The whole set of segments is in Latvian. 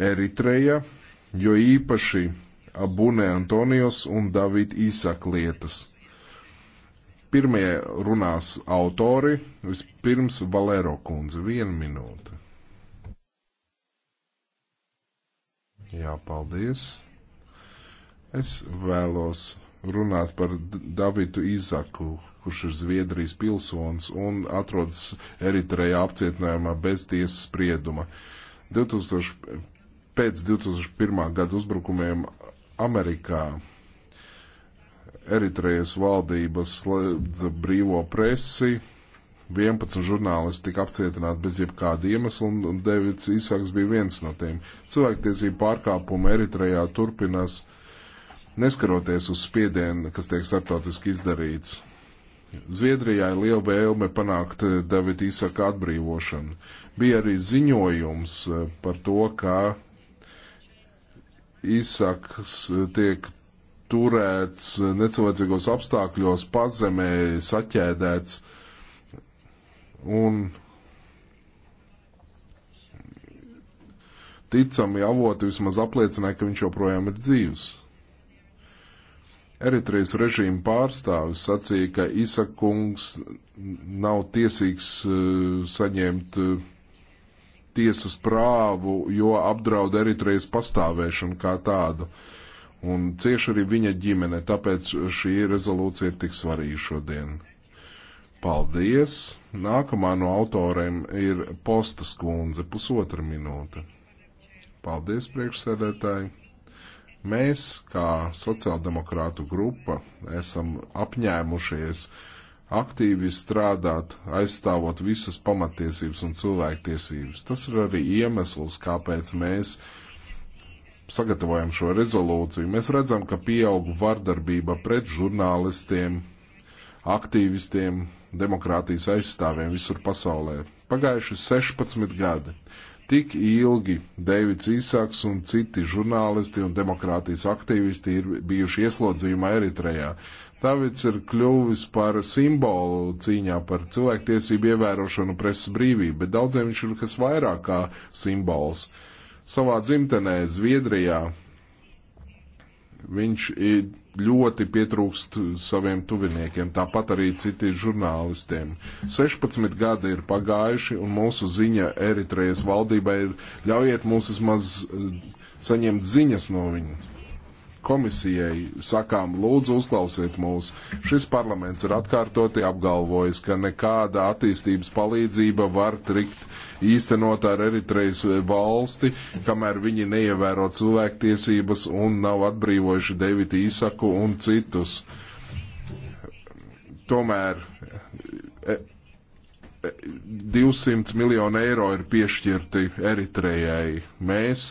Eritreja, jo īpaši Abune Antonijos un David Īsak lietas. Pirmie runās autori, vispirms Valero kundze, viena minūte. Jā, paldies. Es vēlos runāt par Davidu Izaku, kurš ir Zviedrijas pilsonis un atrodas Eritrejā apcietinājumā bez tiesas sprieduma. 2005 pēc 2001. gada uzbrukumiem Amerikā Eritrejas valdības slēdza brīvo presi, 11 žurnālisti tika apcietināti bez jebkāda iemesla, un, un Devits Īsāks bija viens no tiem. Cilvēktiesību pārkāpumi Eritrejā turpinās, neskaroties uz spiedienu, kas tiek starptautiski izdarīts. Zviedrijā ir liela vēlme panākt eh, Davida Īsaka atbrīvošanu. Bija arī ziņojums eh, par to, ka izsaks tiek turēts necilvēcīgos apstākļos, pazemē, saķēdēts. Un ticami avoti vismaz apliecināja, ka viņš joprojām ir dzīvs. Eritrejas režīma pārstāvis sacīja, ka Isakungs nav tiesīgs eh, saņemt uh, tiesas prāvu, jo apdraud Eritrejas pastāvēšanu kā tādu. Un cieši arī viņa ģimene, tāpēc šī rezolūcija ir tik svarīga šodien. Paldies! Nākamā no autoriem ir Postas kundze, pusotra minūte. Paldies, priekšsēdētāji! Mēs, kā sociāldemokrātu grupa, esam apņēmušies uh, aktīvi strādāt, aizstāvot visas pamatiesības un cilvēktiesības. Tas ir arī iemesls, kāpēc mēs sagatavojam šo rezolūciju. Mēs redzam, ka pieaug vardarbība pret žurnālistiem, aktīvistiem, demokrātijas aizstāvjiem visur pasaulē. Pagājuši 16 gadi. Tik ilgi Deivids Īsāks un citi žurnālisti un demokrātijas aktīvisti ir bijuši ieslodzījumā Eritrejā. Tavits ir kļuvis par simbolu cīņā par cilvēktiesību ievērošanu presas brīvību, bet daudziem viņš ir kas vairāk kā simbols. Savā dzimtenē, Zviedrijā, viņš ļoti pietrūkst saviem tuviniekiem, tāpat arī citi žurnālistiem. 16 gadi ir pagājuši, un mūsu ziņa Eritrejas valdībai ir ļaujiet mums vismaz eh, saņemt ziņas no viņiem komisijai sakām, lūdzu, uzklausiet mūs. Šis parlaments ir atkārtoti apgalvojis, ka nekāda attīstības palīdzība var trikt īstenot ar Eritrejas valsti, kamēr viņi neievēro cilvēktiesības un nav atbrīvojuši Devitu Īsaku un citus. Tomēr 200 e, e, miljonu eiro ir piešķirti Eritrejai. Mēs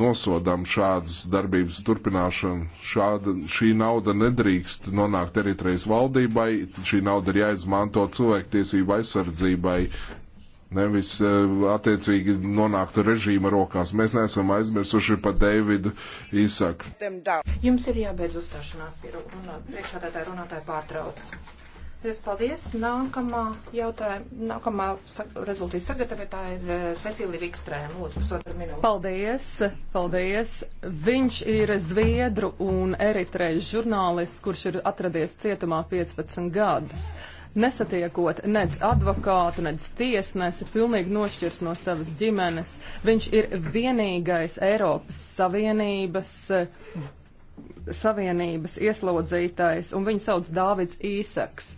nosodām šādas darbības turpināšanu. Šāda, šī nauda nedrīkst nonākt Eritrejas valdībai, šī nauda ir jāizmanto cilvēktiesību aizsardzībai, nevis eh, attiecīgi nonākt režīma rokās. Mēs neesam aizmirsuši par Deividu Īsaku. Jums ir jābeidz uzstāšanās pie runā, priekšā tā runātāja pārtrauc. Lies paldies. Nākamā jautājuma, nākamā rezultāta sagatavotāja ir eh, Cecīlija Vikstrēma. Lūdzu, pusotru minūti. Paldies, paldies. Viņš ir Zviedru un Eritrejas žurnālists, kurš ir atradies cietumā 15 gadus nesatiekot nec advokātu, nec tiesnesi, pilnīgi nošķirs no savas ģimenes. Viņš ir vienīgais Eiropas Savienības, eh, Savienības ieslodzītais, un viņu sauc Dāvids Īsaks.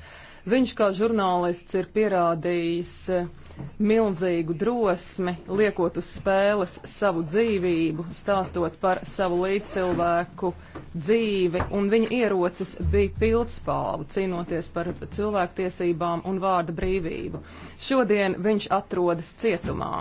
Viņš kā žurnālists ir pierādījis eh, milzīgu drosmi, liekot uz spēles savu dzīvību, stāstot par savu līdzcilvēku dzīvi, un viņa ierocis bija pildspāvu, cīnoties par cilvēktiesībām un vārda brīvību. Šodien viņš atrodas cietumā.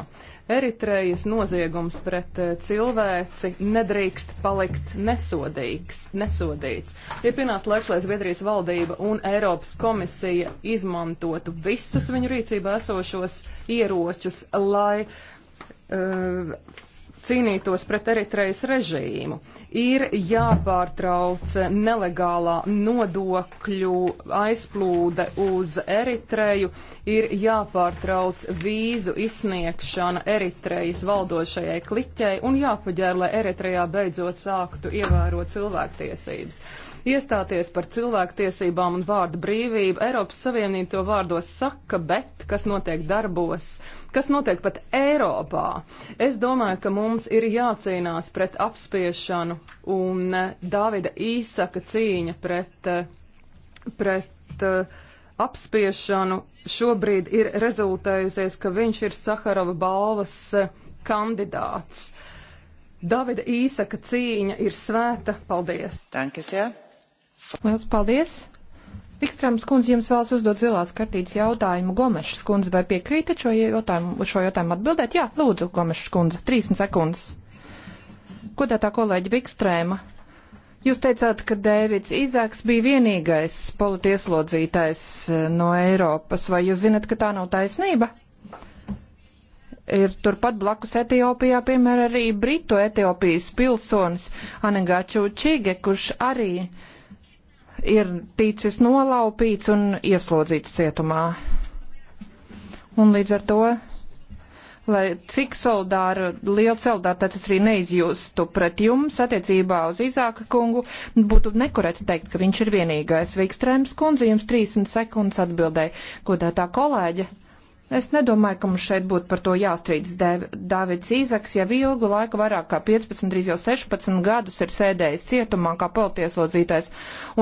Eritrejas noziegums pret eh, cilvēci nedrīkst palikt nesodīgs, nesodīts. Ir pienācis laiks, lai Zviedrijas valdība un Eiropas komisija izmantotu visus viņu rīcībā esošos ieročus, lai uh, cīnītos pret Eritrejas režīmu. Ir jāpārtrauc nelegālā nodokļu aizplūde uz Eritreju, ir jāpārtrauc vīzu izsniegšana Eritrejas valdošajai kliķei un jāpaģēr, lai Eritrejā beidzot sāktu ievērot cilvēktiesības. Iestāties par cilvēktiesībām un vārdu brīvību, Eiropas Savienība to vārdos saka, bet kas notiek darbos? kas notiek pat Eiropā. Es domāju, ka mums ir jācīnās pret apspiešanu un e, Dāvida īsaka cīņa pret, e, pret e, apspiešanu šobrīd ir rezultējusies, ka viņš ir Saharova balvas kandidāts. Davida īsaka cīņa ir svēta. Paldies! Tankas, jā. Liels paldies! Pikstrāms kundze jums vēlas uzdot zilās kartītes jautājumu. Gomešs kundze, vai piekrītat šo jautājumu, šo jautājumu atbildēt? Jā, lūdzu, Gomešs kundze, 30 sekundes. Ko tā tā kolēģi Vikstrēma? Jūs teicāt, ka Dēvids Izāks bija vienīgais politieslodzītais eh, no Eiropas. Vai jūs zinat, ka tā nav taisnība? ir turpat blakus Etiopijā, piemēram, arī Britu Etiopijas pilsonis Anegaču Čige, kurš arī uh, ir ticis nolaupīts un ieslodzīts cietumā. Un līdz ar to, lai cik solidāru, lielu solidaritātes arī neizjustu pret jums attiecībā uz Izāka kungu, būtu nekorekti teikt, ka viņš ir vienīgais. Vikstrēms kundze, jums 30 sekundes atbildēja, godētā kolēģe. Es nedomāju, ka mums šeit būtu par to jāstrīdas. Dāvids Īzaks jau ilgu laiku, vairāk kā 15, drīz jau 16 gadus ir sēdējis cietumā kā politieslodzītais.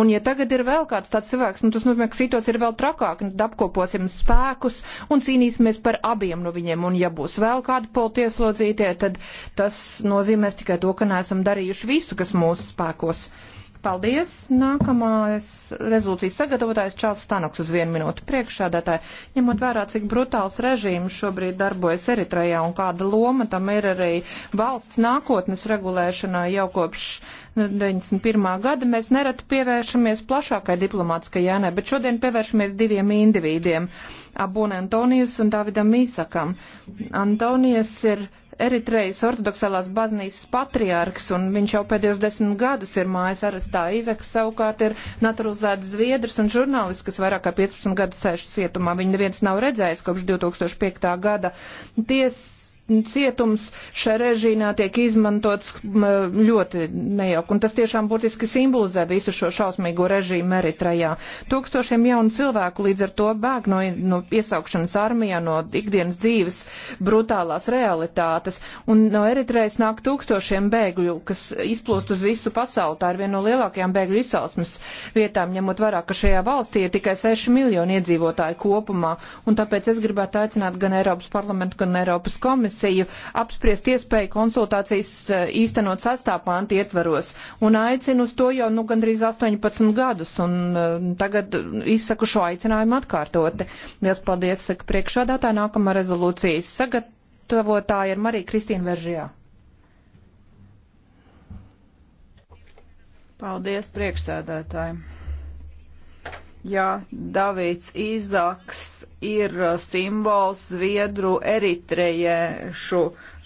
Un ja tagad ir vēl kāds tāds cilvēks, nu tas nozīmē, ka situācija ir vēl trakāka, nu tad apkoposim spēkus un cīnīsimies par abiem no viņiem. Un ja būs vēl kādi politieslodzītie, tad tas nozīmēs tikai to, ka neesam darījuši visu, kas mūsu spēkos. Paldies! Nākamais rezolūcijas sagatavotājs Čāls Stanoks uz vienu minūtu priekšādātāji. Ņemot vērā, cik brutāls režīms šobrīd darbojas Eritrejā un kāda loma tam ir arī valsts nākotnes regulēšanā jau kopš 91. Nu, gada, mēs nereti pievēršamies plašākai diplomātiskai jēnai, bet šodien pievēršamies diviem indivīdiem - Abuna Antonijas un Davidam Īsakam. Antonijas ir Eritrejas ortodoksālās baznīcas patriārks, un viņš jau pēdējos desmit gadus ir mājas arestā. Izaks savukārt ir naturalizēts zviedrs un žurnālists, kas vairāk kā 15 gadus sēž cietumā. Viņu neviens nav redzējis kopš 2005. gada. Ties, cietums šajā režīnā tiek izmantots ļoti nejauk. Un tas tiešām būtiski simbolizē visu šo šausmīgo režīmu Eritrajā. Tūkstošiem jaunu cilvēku līdz ar to bēg no, no iesaukšanas armijā, no ikdienas dzīves brutālās realitātes. Un no Eritrejas nāk tūkstošiem bēgļu, kas izplūst uz visu pasauli. Tā ir viena no lielākajām bēgļu izcelsmes vietām, ņemot vērā, ka šajā valstī ir tikai 6 miljoni iedzīvotāji kopumā. Un tāpēc es gribētu aicināt gan Eiropas parlamentu, gan Eiropas komisiju komisiju apspriest iespēju konsultācijas eh, īstenot sastāpānti ietvaros. Un aicinu uz to jau nu gandrīz 18 gadus, un eh, tagad izsaku šo aicinājumu atkārtoti. Liels paldies, saka priekšādātāja, nākamā rezolūcijas sagatavotāja ir Marija Kristīna Veržijā. Paldies priekšsēdētājiem! ja Davids Īzaks ir uh, simbols Zviedru eritrejiešu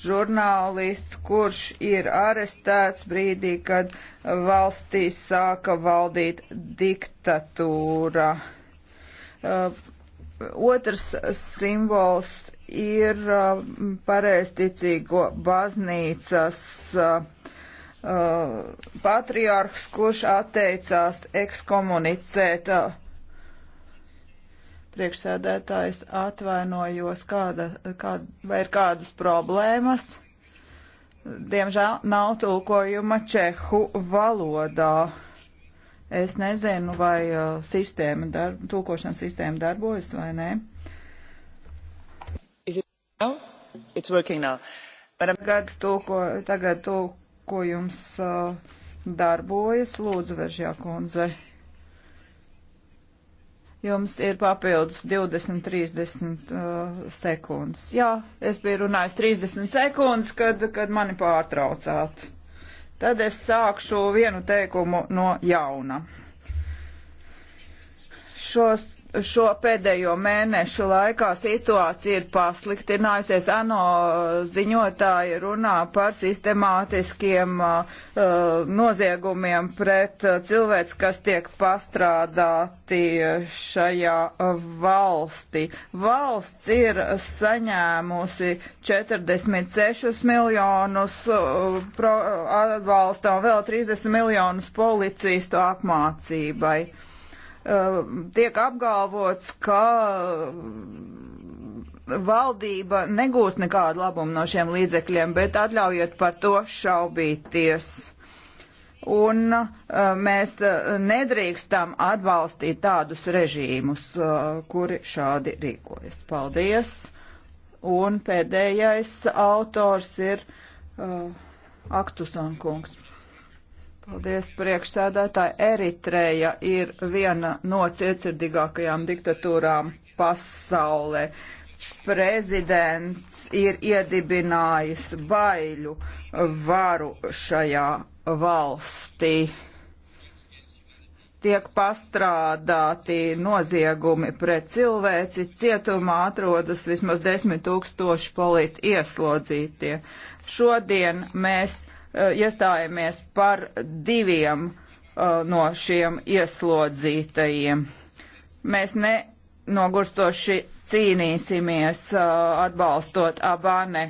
žurnālists, kurš ir arestēts brīdī, kad valstī sāka valdīt diktatūra. Uh, otrs simbols ir uh, pareizticīgo baznīcas uh, uh patriārhs, kurš atteicās ekskomunicēt uh, Priekšsēdētājs atvainojos, kāda, kāda, vai ir kādas problēmas. Diemžēl nav tulkojuma čehu valodā. Es nezinu, vai uh, sistēma darb, tulkošanas sistēma darbojas vai nē. It Madam... Tagad, tulko, tagad tulkojums uh, darbojas. Lūdzu, Veržjā kundze. Jums ir papildus 20, 30 uh, sekundes. Jā, es biju runājis 30 sekundes, kad, kad mani pārtraucāt. Tad es sākšu vienu teikumu no jauna. Šos šo pēdējo mēnešu laikā situācija ir pasliktinājusies. ANO ziņotāji runā par sistemātiskiem uh, uh noziegumiem pret uh, cilvēks, kas tiek pastrādāti uh, šajā valstī. Valsts ir saņēmusi 46 miljonus uh, pro, atbalsta un vēl 30 miljonus policistu apmācībai. Uh, tiek apgalvots, ka mm, valdība negūs nekādu labumu no šiem līdzekļiem, bet atļaujiet par to šaubīties. Un uh, mēs uh, nedrīkstam atbalstīt tādus režīmus, kuri šādi rīkojas. Paldies! Un pēdējais autors ir uh, Aktuson kungs. Paldies, priekšsēdētāji. Eritreja ir viena no cietsirdīgākajām diktatūrām pasaulē. Prezidents ir iedibinājis baiļu varu šajā valstī. Tiek pastrādāti noziegumi pret cilvēci, cietumā atrodas vismaz desmit tūkstoši politi ieslodzītie. Šodien mēs Eh, iestājāmies par diviem eh, no šiem ieslodzītajiem. Mēs ne nogurstoši cīnīsimies eh, atbalstot Abane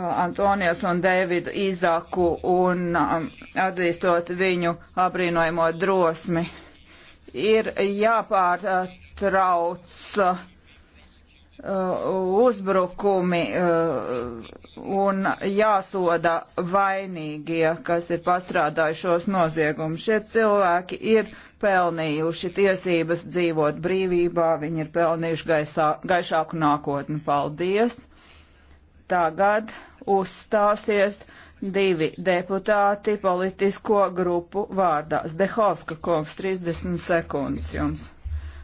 Antonijas un Dēvidu Izaku un atzīstot viņu apbrīnojamo drosmi. Ir jāpārtrauc uh, Uh, uzbrukumi uh, un jāsoda vainīgie, kas ir pastrādājušos noziegumus. Šie cilvēki ir pelnījuši tiesības dzīvot brīvībā, viņi ir pelnījuši gaisā, gaišāku nākotni. Paldies! Tagad uzstāsies divi deputāti politisko grupu vārdā. Zdehovska kungs, 30 sekundes jums.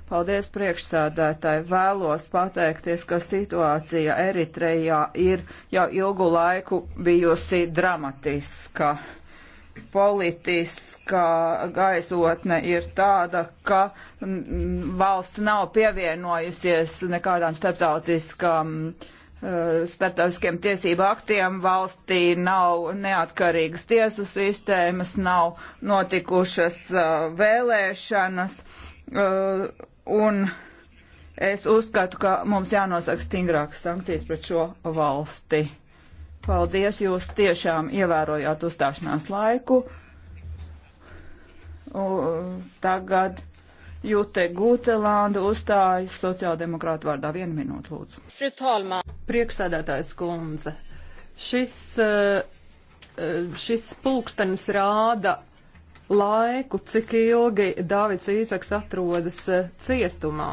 Paldies priekšsādātāji. Vēlos pateikties, ka situācija Eritrejā ir jau ilgu laiku bijusi dramatiska. Politiskā gaisotne ir tāda, ka valsts nav pievienojusies nekādām starptautiskām e, starptautiskiem tiesību aktiem valstī nav neatkarīgas tiesu sistēmas, nav notikušas uh, vēlēšanas. Uh, Un es uzskatu, ka mums jānosaka stingrākas sankcijas pret šo valsti. Paldies, jūs tiešām ievērojāt uzstāšanās laiku. Un tagad Jute Gutelānda uzstājas sociāldemokrātu vārdā. Vienu minūtu, lūdzu. Fritalma. Prieksēdētājs kundze. Šis, eh, eh, šis pulkstenis rāda laiku, cik ilgi Dāvids Īsaks atrodas eh, cietumā.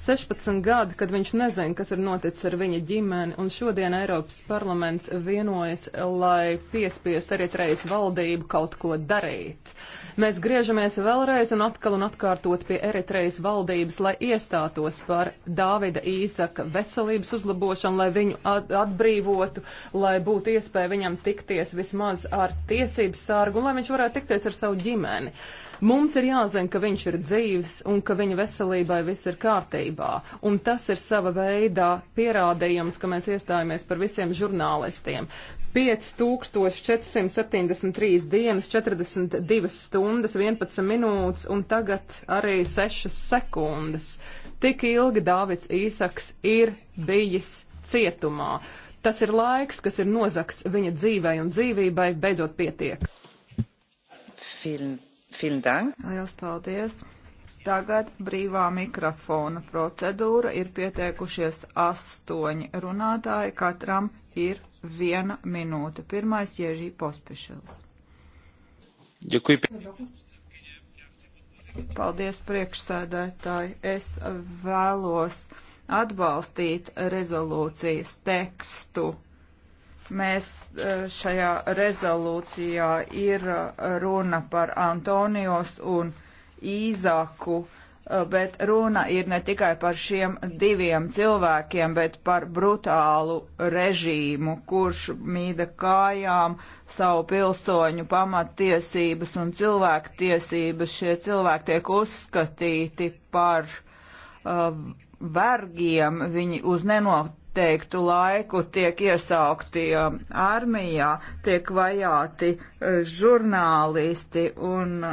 16 gadi, kad viņš nezina, kas ir noticis ar viņa ģimeni, un šodien Eiropas parlaments vienojas, lai piespiest arī reiz valdību kaut ko darīt. Mēs griežamies vēlreiz un atkal un atkārtot pie Eritrejas valdības, lai iestātos par Dāvida īsaka veselības uzlabošanu, lai viņu atbrīvotu, lai būtu iespēja viņam tikties vismaz ar tiesības sārgu un lai viņš varētu tikties ar savu ģimeni. Mums ir jāzina, ka viņš ir dzīves un ka viņa veselībai viss ir kārtībā. Un tas ir sava veidā pierādījums, ka mēs iestājāmies par visiem žurnālistiem. 5473 dienas, 42 stundas, 11 minūtes un tagad arī 6 sekundes. Tik ilgi Dāvids Īsaks ir bijis cietumā. Tas ir laiks, kas ir nozakts viņa dzīvē un dzīvībai, beidzot pietiek. Film. Lielas paldies! Tagad brīvā mikrofona procedūra ir pieteikušies astoņi runātāji, katram ir viena minūte. Pirmais Ježī Pospišils. Děkuji. Paldies priekšsēdētāji. Es vēlos atbalstīt rezolūcijas tekstu mēs e, šajā rezolūcijā ir e, runa par Antonijos un Īzaku, e, bet runa ir ne tikai par šiem diviem cilvēkiem, bet par brutālu režīmu, kurš mīda kājām savu pilsoņu pamattiesības un cilvēku tiesības. Šie cilvēki tiek uzskatīti par uh, vergiem, viņi uz nenot noteiktu laiku tiek iesaukti uh, armijā, tiek vajāti uh, žurnālisti un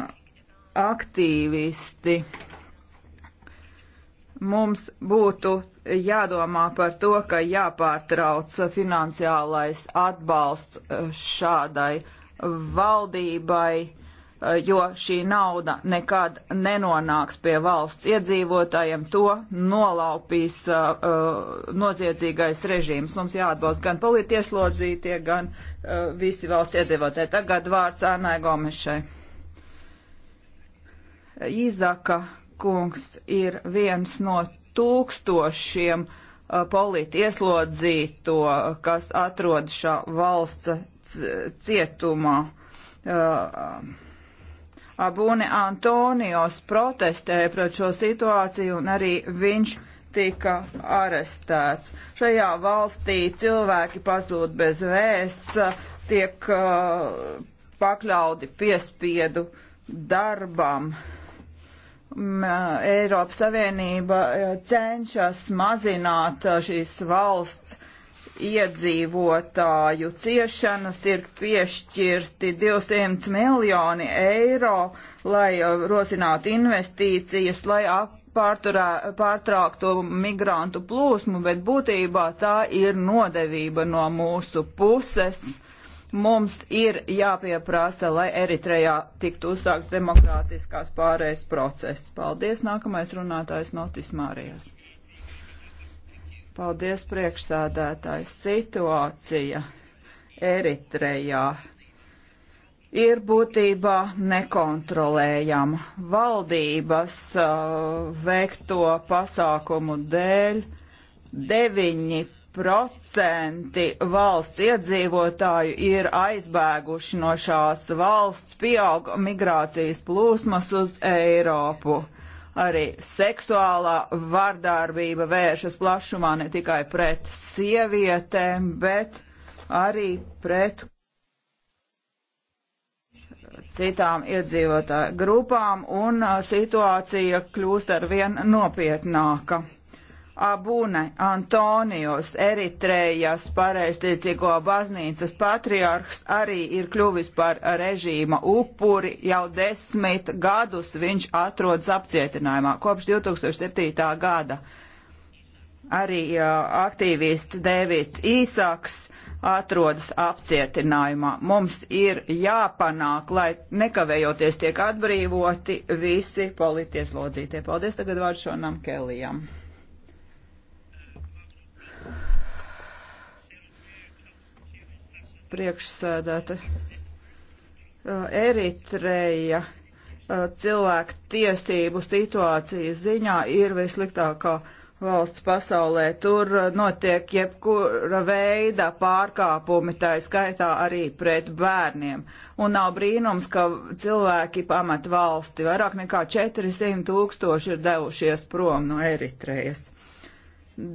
aktīvisti. Mums būtu jādomā par to, ka jāpārtrauc finansiālais atbalsts uh, šādai valdībai jo šī nauda nekad nenonāks pie valsts iedzīvotājiem, to nolaupīs uh, uh, noziedzīgais režīms. Mums jāatbalsta gan politieslodzītie, gan uh, visi valsts iedzīvotāji. Tagad vārds Ānai Gomešai. Īzaka kungs ir viens no tūkstošiem uh, politieslodzīto, kas atrodas šā valsts cietumā. Uh, Abune Antonijos protestēja pret šo situāciju un arī viņš tika arestēts. Šajā valstī cilvēki pazūd bez vēsts, tiek uh, pakļauti piespiedu darbam. Eiropas Savienība uh, cenšas mazināt uh, šīs valsts iedzīvotāju ciešanas ir piešķirti 200 miljoni eiro, lai uh, rosinātu investīcijas, lai pārturā, pārtrauktu migrantu plūsmu, bet būtībā tā ir nodevība no mūsu puses. Mums ir jāpieprasa, lai Eritrejā tiktu uzsāks demokrātiskās pārējais process. Paldies, nākamais runātājs Notis Mārijas. Paldies priekšsādātāji. Situācija Eritrejā ir būtībā nekontrolējama. Valdības uh, veikto pasākumu dēļ 9% valsts iedzīvotāju ir aizbēguši no šās valsts, pieauga migrācijas plūsmas uz Eiropu. Uh, Arī seksuālā vardarbība vēršas plašumā ne tikai pret sievietēm, bet arī pret citām iedzīvotāju grupām, un situācija kļūst ar vien nopietnāka. Abune Antonijos, Eritrejas pareizticīgo baznīcas patriārhs, arī ir kļuvis par režīma upuri. Jau desmit gadus viņš atrodas apcietinājumā, kopš 2007. gada. Arī uh, aktīvists Dēvids Īsāks atrodas apcietinājumā. Mums ir jāpanāk, lai nekavējoties tiek atbrīvoti visi politieslodzītie. Paldies tagad vārdu šonam Kelijam. priekšsēdēta Eritreja cilvēku tiesību situācijas ziņā ir vissliktākā valsts pasaulē. Tur notiek jebkura veida pārkāpumi, tā skaitā arī pret bērniem. Un nav brīnums, ka cilvēki pamet valsti. Vairāk nekā 400 tūkstoši ir devušies prom no Eritrejas.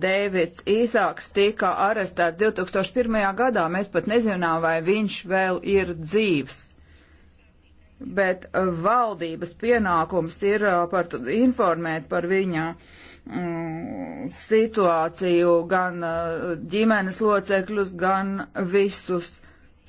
Dēvids Īsāks tika arestēts 2001. gadā. Mēs pat nezinām, vai viņš vēl ir dzīvs. Bet uh, valdības pienākums ir uh, par to informēt par viņa mm, situāciju gan uh, ģimenes locekļus, gan visus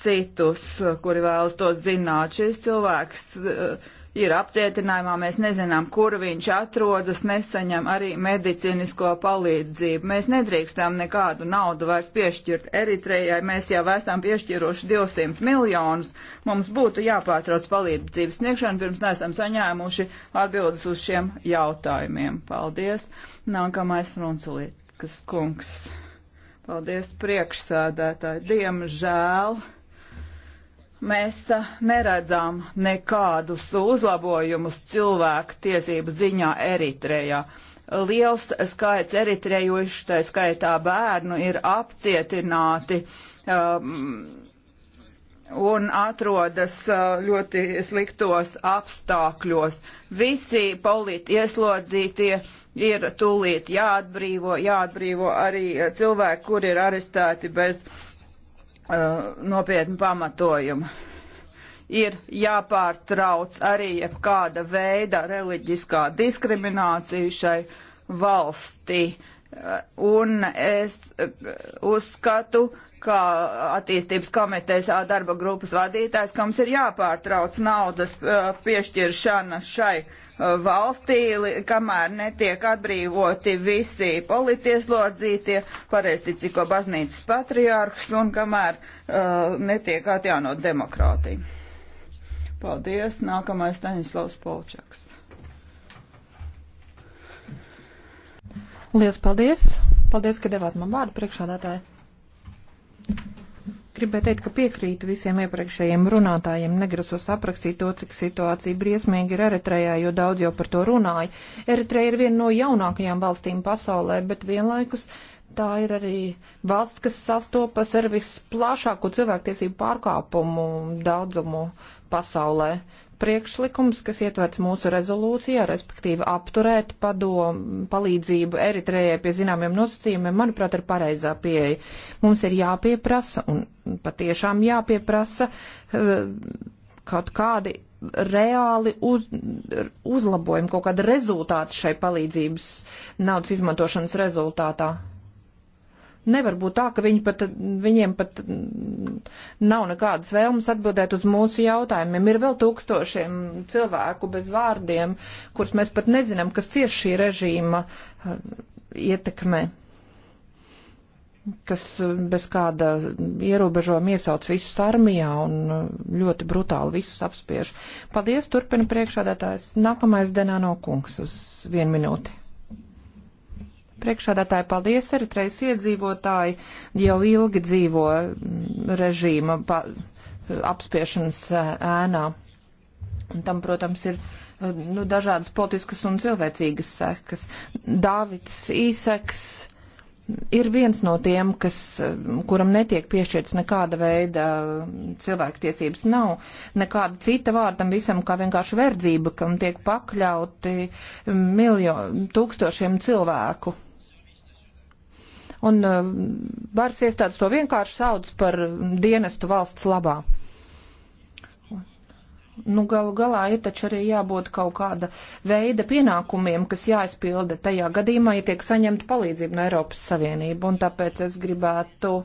citus, kuri vēlas to zināt. Šis cilvēks uh, ir apcietinājumā, mēs nezinām, kur viņš atrodas, nesaņem arī medicīnisko palīdzību. Mēs nedrīkstam nekādu naudu vairs piešķirt Eritrejai, mēs jau esam piešķiruši 200 miljonus, mums būtu jāpārtrauc palīdzības sniegšana, pirms neesam saņēmuši atbildes uz šiem jautājumiem. Paldies! Nākamais Frunzulītkas kungs. Paldies priekšsēdētāji. Diemžēl mēs eh, neredzām nekādus uzlabojumus cilvēku tiesību ziņā Eritrejā. Liels skaits eritrejošu, tā skaitā bērnu, ir apcietināti um, un atrodas eh, ļoti sliktos apstākļos. Visi polīti ieslodzītie ir tūlīt jāatbrīvo, jāatbrīvo arī eh, cilvēki, kur ir arestēti bez Uh, nopietnu pamatojumu. Ir jāpārtrauc arī jebkāda veida reliģiskā diskriminācija šai valstī. Uh, un es uh, uzskatu, uh, kā attīstības komitejas darba grupas vadītājs, ka mums ir jāpārtrauc naudas uh, piešķiršana šai uh, valstī, kamēr netiek atbrīvoti visi politieslodzītie, pareisticīgo baznīcas patriārhs un kamēr uh, netiek atjaunot demokrātiju. Paldies. Nākamais Staņislavs Polčaks. Lielas paldies. Paldies, ka devāt man vārdu priekšādātāju. Gribēju teikt, ka piekrītu visiem iepriekšējiem runātājiem, negrasos aprakstīt to, cik situācija briesmīgi ir Eritrejā, jo daudz jau par to runāja. Eritreja ir viena no jaunākajām valstīm pasaulē, bet vienlaikus tā ir arī valsts, kas sastopas ar visplašāko cilvēktiesību pārkāpumu daudzumu pasaulē priekšlikums, kas ietverts mūsu rezolūcijā, respektīvi apturēt padomu palīdzību Eritrējai pie zināmiem nosacījumiem, manuprāt, ir pareizā pieeja. Mums ir jāpieprasa un patiešām jāpieprasa eh, kaut kādi reāli uz, uzlabojumi, kaut kādi rezultāti šai palīdzības naudas izmantošanas rezultātā. Nevar būt tā, ka viņi pat, viņiem pat nav nekādas vēlmes atbildēt uz mūsu jautājumiem. Ir vēl tūkstošiem cilvēku bez vārdiem, kurus mēs pat nezinām, kas cieši šī režīma uh, ietekmē, kas uh, bez kāda ierobežojuma iesauc visus armijā un uh, ļoti brutāli visus apspiež. Paldies, turpina priekšādātājs. Nākamais Denāno kungs uz vienu minūti. Priekšādātāji, paldies! Eritrejas iedzīvotāji jau ilgi dzīvo mm, režīma pa, apspiešanas e, ēnā. Un tam, protams, ir e, nu, dažādas politiskas un cilvēcīgas sekas. Dāvids Īseks ir viens no tiem, kas, e, kuram netiek piešķirts nekāda veida cilvēktiesības. Nav nekāda cita vārdam visam, kā vienkārši verdzība, kam tiek pakļauti miljo, tūkstošiem cilvēku un um, varas iestādes to vienkārši sauc par dienestu valsts labā. Nu, galu galā ir taču arī jābūt kaut kāda veida pienākumiem, kas jāizpilda tajā gadījumā, ja tiek saņemta palīdzība no Eiropas Savienība. Un tāpēc es gribētu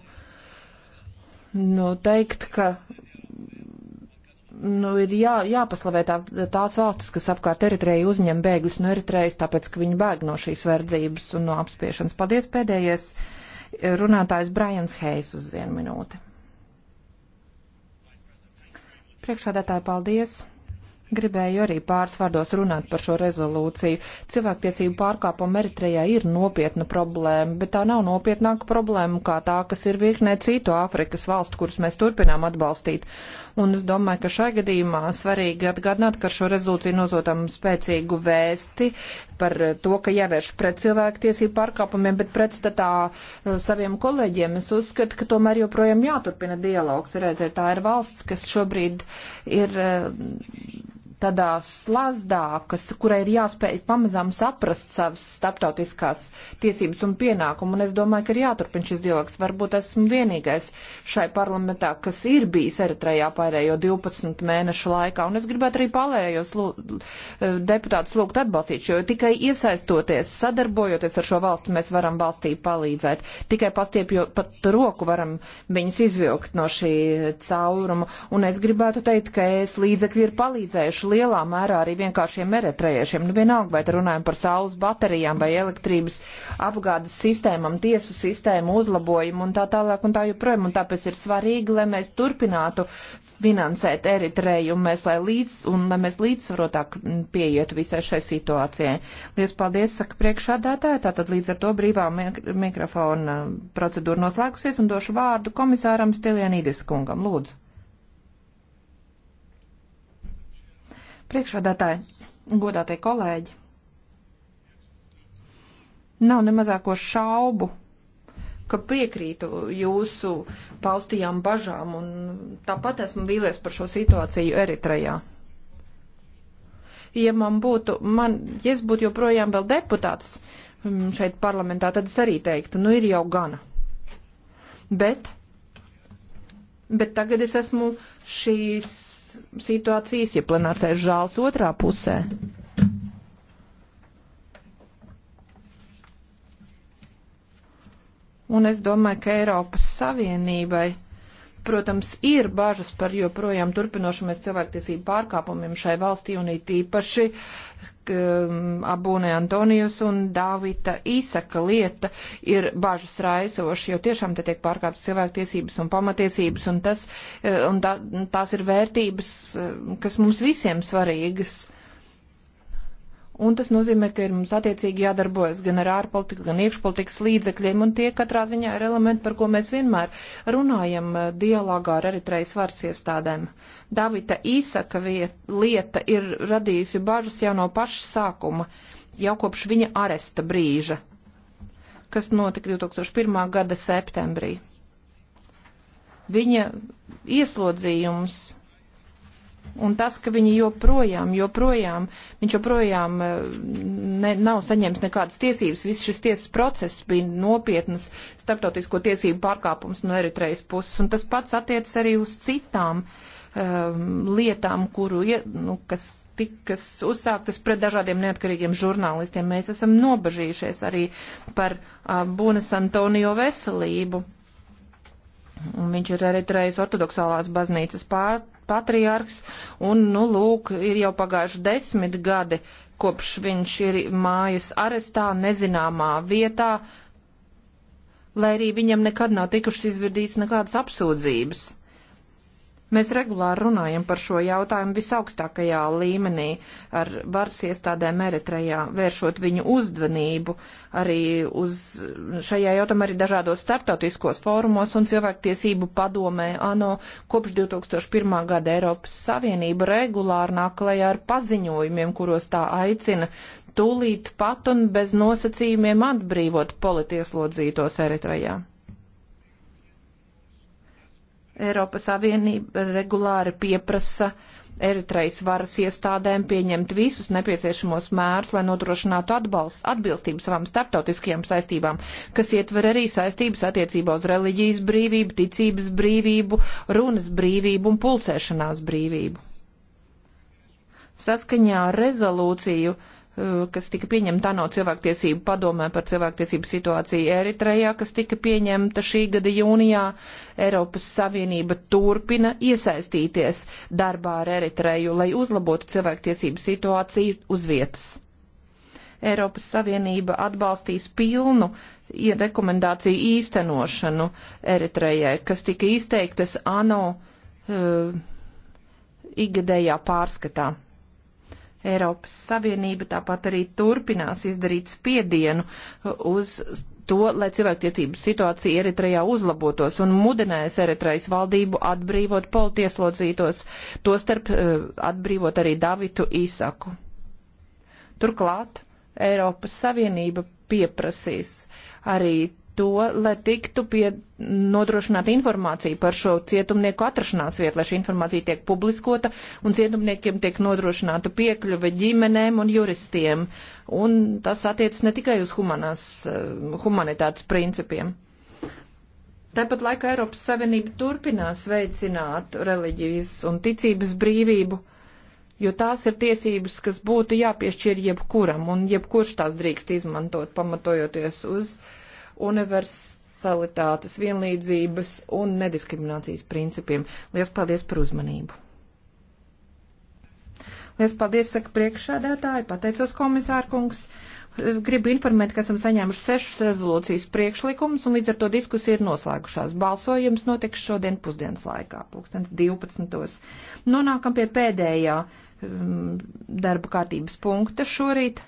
nu, teikt, ka nu, ir jā, jāpaslavē tās, tās valstis, kas apkārt Eritreju uzņem bēgļus no Eritrejas, tāpēc, ka viņi bēg no šīs verdzības un no apspiešanas. Paldies pēdējais runātājs Brians Heis uz vienu minūti. Priekšādātāji, paldies! Gribēju arī pāris vārdos runāt par šo rezolūciju. Cilvēktiesību pārkāpuma Eritrejā ir nopietna problēma, bet tā nav nopietnāka problēma kā tā, kas ir virknē citu Āfrikas valstu, kuras mēs turpinām atbalstīt. Un es domāju, ka šai gadījumā svarīgi atgādināt, ka šo rezolūciju nozotam spēcīgu vēsti par to, ka jāvērš pret cilvēktiesību pārkāpumiem, bet pretstatā uh, saviem kolēģiem es uzskatu, ka tomēr joprojām jāturpina dialogs. Redziet, tā ir valsts, kas šobrīd ir uh, tādā slazdā, kas, kurai ir jāspēj pamazām saprast savas starptautiskās tiesības un pienākumu, un es domāju, ka ir jāturpina šis dialogs. Varbūt esmu vienīgais šai parlamentā, kas ir bijis Eritrejā pārējo 12 mēnešu laikā, un es gribētu arī pārējos eh, deputātus lūgt atbalstīt, jo tikai iesaistoties, sadarbojoties ar šo valsti, mēs varam valstī palīdzēt. Tikai pastiepjot pat roku varam viņus izvilkt no šī cauruma, un es gribētu teikt, ka es līdzekļi ir palīdzējuši lielā mērā arī vienkāršiem eritrejiešiem. Nu, vienalga, vai te runājam par saules baterijām vai elektrības apgādes sistēmām, tiesu sistēmu uzlabojumu un tā tālāk un tā joprojām. Un tāpēc ir svarīgi, lai mēs turpinātu finansēt Eritreju un, mēs, lai līdz, un lai mēs līdzsvarotāk pieietu visai šai situācijai. Lies paldies, saka priekšādātāja. Tātad līdz ar to brīvā mikrofona procedūra noslēgusies un došu vārdu komisāram Stilienīdis kungam. Lūdzu. Priekšādātāji, godātie kolēģi, nav ne mazāko šaubu, ka piekrītu jūsu paustajām bažām un tāpat esmu vīlies par šo situāciju Eritrejā ja man būtu, man, ja es būtu joprojām vēl deputāts mm, šeit parlamentā, tad es arī teiktu, nu ir jau gana. Bet, bet tagad es esmu šīs situācijas, ja plenārsēžu žāls otrā pusē. Un es domāju, ka Eiropas Savienībai, protams, ir bažas par joprojām turpinošamies cilvēktiesību pārkāpumiem šai valstī un it īpaši Um, Abūne Antonijus un Dāvita Īsaka lieta ir bažas raisoša, jo tiešām te tiek pārkāptas cilvēktiesības un pamatiesības, un, tas, uh, un tā, tās ir vērtības, uh, kas mums visiem svarīgas. Uh, un tas nozīmē, ka ir mums attiecīgi jādarbojas gan ar ārpolitiku, gan iekšpolitikas līdzekļiem, un tie katrā ziņā ir elementi, par ko mēs vienmēr runājam eh, dialogā ar Eritrejas varas iestādēm. Davita Īsaka viet, lieta ir radījusi bažas jau no paša sākuma, jau kopš viņa aresta brīža, kas notika 2001. gada septembrī. Viņa ieslodzījums Un tas, ka viņi joprojām, joprojām, viņš joprojām eh, ne, nav saņēmis nekādas tiesības, viss šis tiesas process bija nopietnas starptautisko tiesību pārkāpums no Eritrejas puses, un tas pats attiecas arī uz citām um, lietām, kuru, nu, kas tikas uzsāktas pret dažādiem neatkarīgiem žurnālistiem. Mēs esam nobažījušies arī par uh, eh, Bunas Antonio veselību. Un viņš ir Eritrejas ortodoksālās baznīcas pār, patriārks, un, nu, lūk, ir jau pagājuši desmit gadi, kopš viņš ir mājas arestā nezināmā vietā, lai arī viņam nekad nav tikušas izvirdīts nekādas apsūdzības. Mēs regulāri runājam par šo jautājumu visaugstākajā līmenī ar varas iestādēm Eritrejā, vēršot viņu uzmanību arī uz šajā jautājumā arī dažādos startautiskos fórumos un cilvēktiesību padomē ANO kopš 2001. gada Eiropas Savienība regulāri nāk klajā ar paziņojumiem, kuros tā aicina tūlīt pat un bez nosacījumiem atbrīvot politieslodzītos Eritrejā. Eiropas Savienība regulāri pieprasa Eritrejas varas iestādēm pieņemt visus nepieciešamos mērus, lai nodrošinātu atbalsts, atbilstību savām starptautiskajām saistībām, kas ietver arī saistības attiecībā uz reliģijas brīvību, ticības brīvību, runas brīvību un pulcēšanās brīvību. Saskaņā ar rezolūciju 1999 Eh, kas tika pieņemta no cilvēktiesību padomē par cilvēktiesību situāciju Eritrejā, kas tika pieņemta šī gada jūnijā. Eiropas Savienība turpina iesaistīties darbā ar Eritreju, lai uzlabotu cilvēktiesību situāciju uz vietas. Eiropas Savienība atbalstīs pilnu rekomendāciju īstenošanu Eritrejai, kas tika izteiktas ANO uh, eh, igadējā pārskatā. Eiropas Savienība tāpat arī turpinās izdarīt spiedienu uz to, lai cilvēktiecību situācija Eritrejā uzlabotos un mudinājis Eritrejas valdību atbrīvot politieslodzītos, tostarp eh, atbrīvot arī Davitu Īsaku. Turklāt Eiropas Savienība pieprasīs arī to, lai tiktu pie nodrošināta informācija par šo cietumnieku atrašanās vietu, lai šī informācija tiek publiskota un cietumniekiem tiek nodrošināta piekļuve ģimenēm un juristiem. Un tas attiec ne tikai uz humanās, eh, humanitātes principiem. Tāpat laikā Eiropas Savienība turpinās veicināt reliģijas un ticības brīvību jo tās ir tiesības, kas būtu jāpiešķir jebkuram, un jebkurš tās drīkst izmantot, pamatojoties uz uh, universalitātes, vienlīdzības un nediskriminācijas principiem. Lielas paldies par uzmanību! Lielas paldies, saka priekšsādātāji, pateicos komisārkungs gribu informēt, ka esam saņēmuši sešus rezolūcijas priekšlikumus, un līdz ar to diskusija ir noslēgušās. Balsojums notiks šodien pusdienas laikā, 2012. Nonākam pie pēdējā um, darba kārtības punkta šorīt.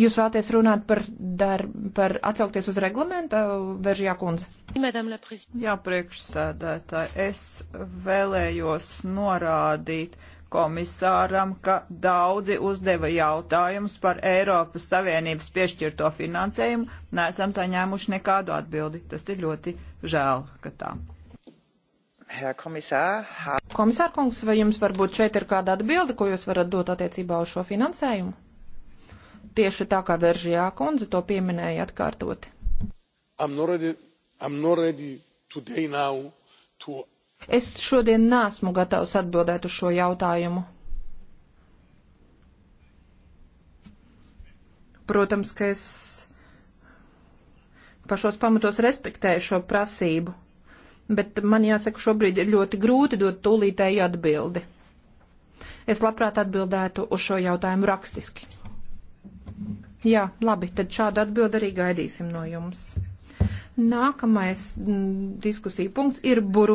Jūs vēlaties runāt par, dar, par atsaukties uz reglamentu, Veržjā kundze? Jā, priekšsēdētāji, es vēlējos norādīt komisāram, ka daudzi uzdeva jautājumus par Eiropas Savienības piešķirto finansējumu, nesam saņēmuši nekādu atbildi. Tas ir ļoti žēl, ka tā. Komisār, komisār kungs, vai jums varbūt šeit ir kāda atbilde, ko jūs varat dot attiecībā uz šo finansējumu? tieši tā kā Veržijā kundze to pieminēja atkārtoti. I'm not ready, I'm not ready today now to Es šodien nesmu gatavs atbildēt uz šo jautājumu. Protams, ka es pašos pamatos respektēju šo prasību, bet man jāsaka, šobrīd ir ļoti grūti dot tūlītēju atbildi. Es labprāt atbildētu uz šo jautājumu rakstiski. Jā, labi, tad šādu atbildi arī gaidīsim no jums. Nākamais mm, diskusija punkts ir buru.